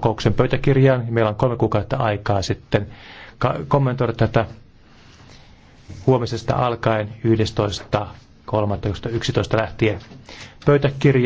kokouksen pöytäkirjaan. Meillä on kolme kuukautta aikaa sitten kommentoida tätä huomisesta alkaen 11.3.11 lähtien pöytäkirja.